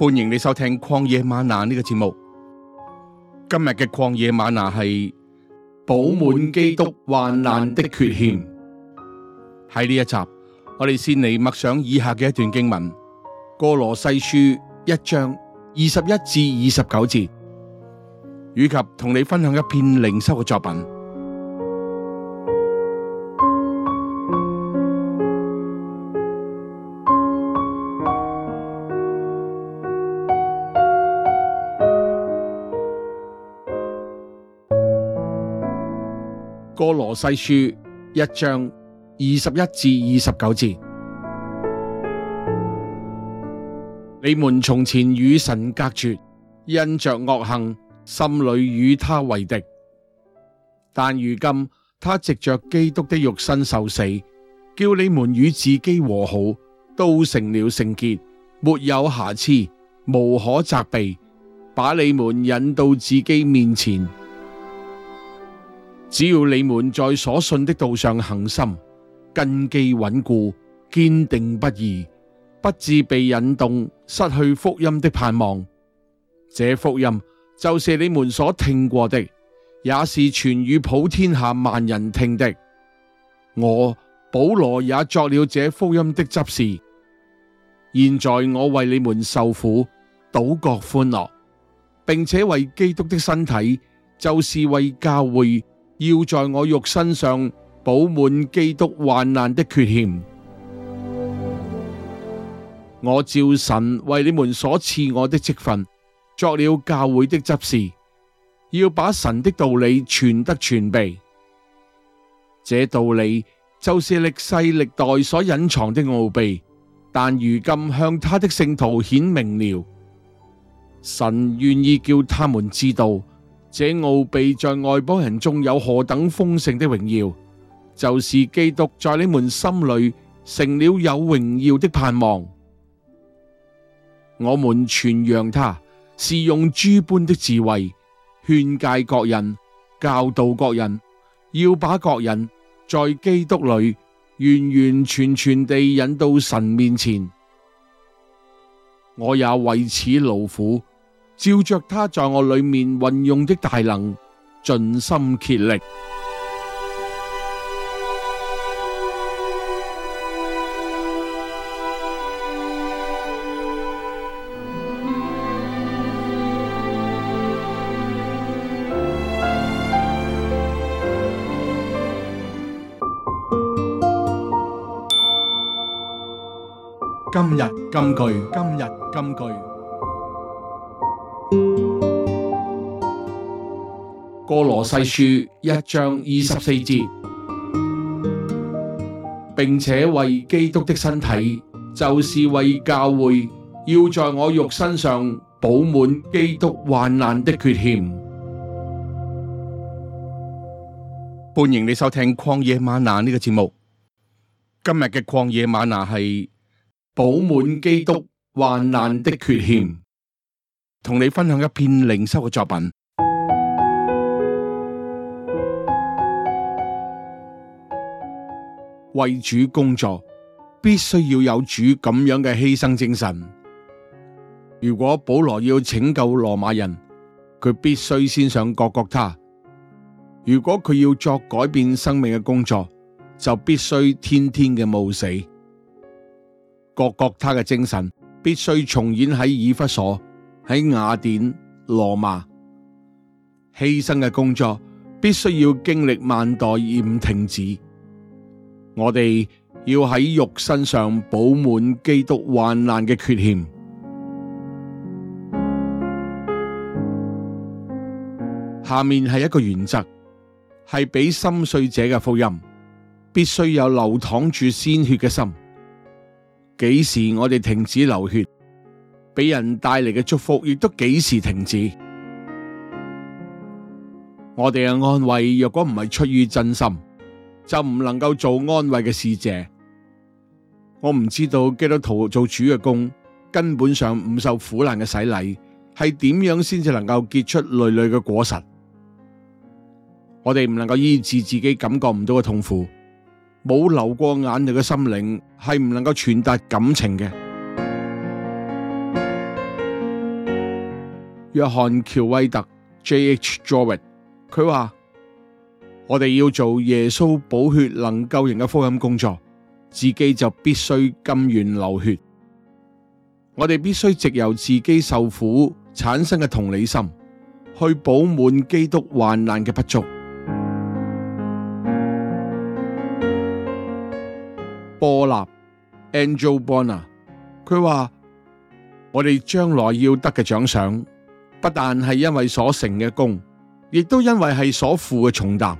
歡迎你收聽曠野嗎哪呢個節目。今日嘅曠野嗎哪係補滿基督患難的缺欠。喺呢一集，我哋先嚟默想以下嘅一段經文：歌羅西書一章二十一至二十九節，以及同你分享一篇靈修嘅作品。歌羅西書一章二十一至二十九節：你們從前與神隔絕，因着惡行，心裏與他為敵；但如今他藉着基督的肉身受死，叫你們與自己和好，都成了聖潔，沒有瑕疵，無可責備，把你們引到自己面前。只要你們在所信的道上恒心，根基穩固，堅定不移，不至被引動，失去福音的盼望。這福音就是你們所聽過的，也是傳與普天下萬人聽的。我保羅也作了這福音的執事。現在我為你們受苦，倒覺歡樂，並且為基督的身體，就是為教會。要在我肉身上補滿基督患難的缺欠。我照神為你們所賜我的職分，作了教會的執事，要把神的道理傳得全備。這道理就是歷世歷代所隱藏的奧秘，但如今向他的聖徒顯明了。神願意叫他們知道。這奧秘在外邦人中有何等豐盛的榮耀，就是基督在你們心裏成了有榮耀的盼望。我們傳揚他，是用諸般的智慧勸戒各人、教導各人，要把各人在基督裏完完全全地引到神面前。我也為此勞苦。照着他在我裏面運用的大能，盡心竭力。今日金句，今日金句。歌羅西書一章二十四節，並且為基督的身體，就是為教會，要在我肉身上，補滿基督患難的缺欠。歡迎你收聽曠野嗎哪呢個節目。今日嘅曠野嗎哪係補滿基督患難的缺欠，同你分享一篇靈修嘅作品。為主工作，必須要有主咁樣嘅犧牲精神。如果保羅要拯救羅馬人，佢必須先上各各他。如果佢要作改變生命嘅工作，就必須天天嘅冒死，各各他嘅精神必須重演喺以弗所、喺雅典、羅馬。犧牲嘅工作必須要經歷萬代而唔停止。我哋要喺肉身上補滿基督患難嘅缺欠。下面係一個原則，係俾心碎者嘅福音，必須有流淌住鮮血嘅心。幾時我哋停止流血，俾人帶嚟嘅祝福亦都幾時停止。我哋嘅安慰，若果唔係出於真心。就唔能夠做安慰嘅使者。我唔知道基督徒做主嘅工，根本上唔受苦難嘅洗禮，係點樣先至能夠結出累累嘅果實？我哋唔能夠醫治自己感覺唔到嘅痛苦，冇流過眼淚嘅心靈係唔能夠傳達感情嘅。約翰喬威特 （J. H. Jowett） 佢話。我哋要做耶穌寶血能夠救人嘅福音工作，自己就必須甘願流血。我哋必須藉由自己受苦產生嘅同理心，去補滿基督患難嘅不足。波納 Andrew Bonar） 佢話：我哋將來要得嘅獎賞，不但係因為所成嘅功，亦都因為係所負嘅重擔。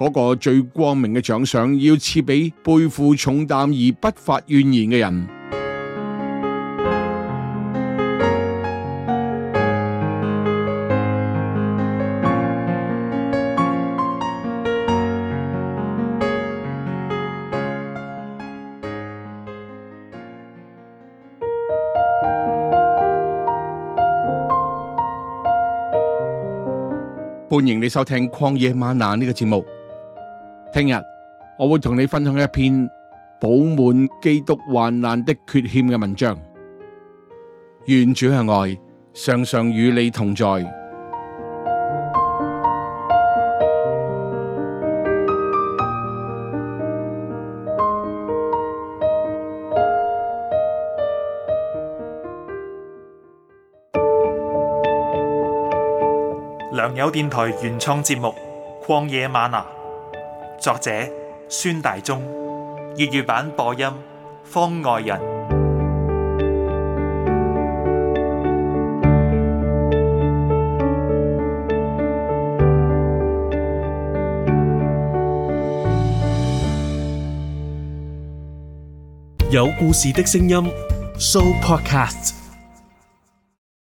嗰個最光明嘅獎賞，要賜俾背負重擔而不發怨言嘅人。歡迎你收聽曠野嗎哪呢個節目。聽日我會同你分享一篇補滿基督患難的缺欠嘅文章，願主向外，常常與你同在。良友電台原創節目《曠野嗎哪》。作者：孫大中，粵語版播音：方外人。有故事的聲音，Show Podcast。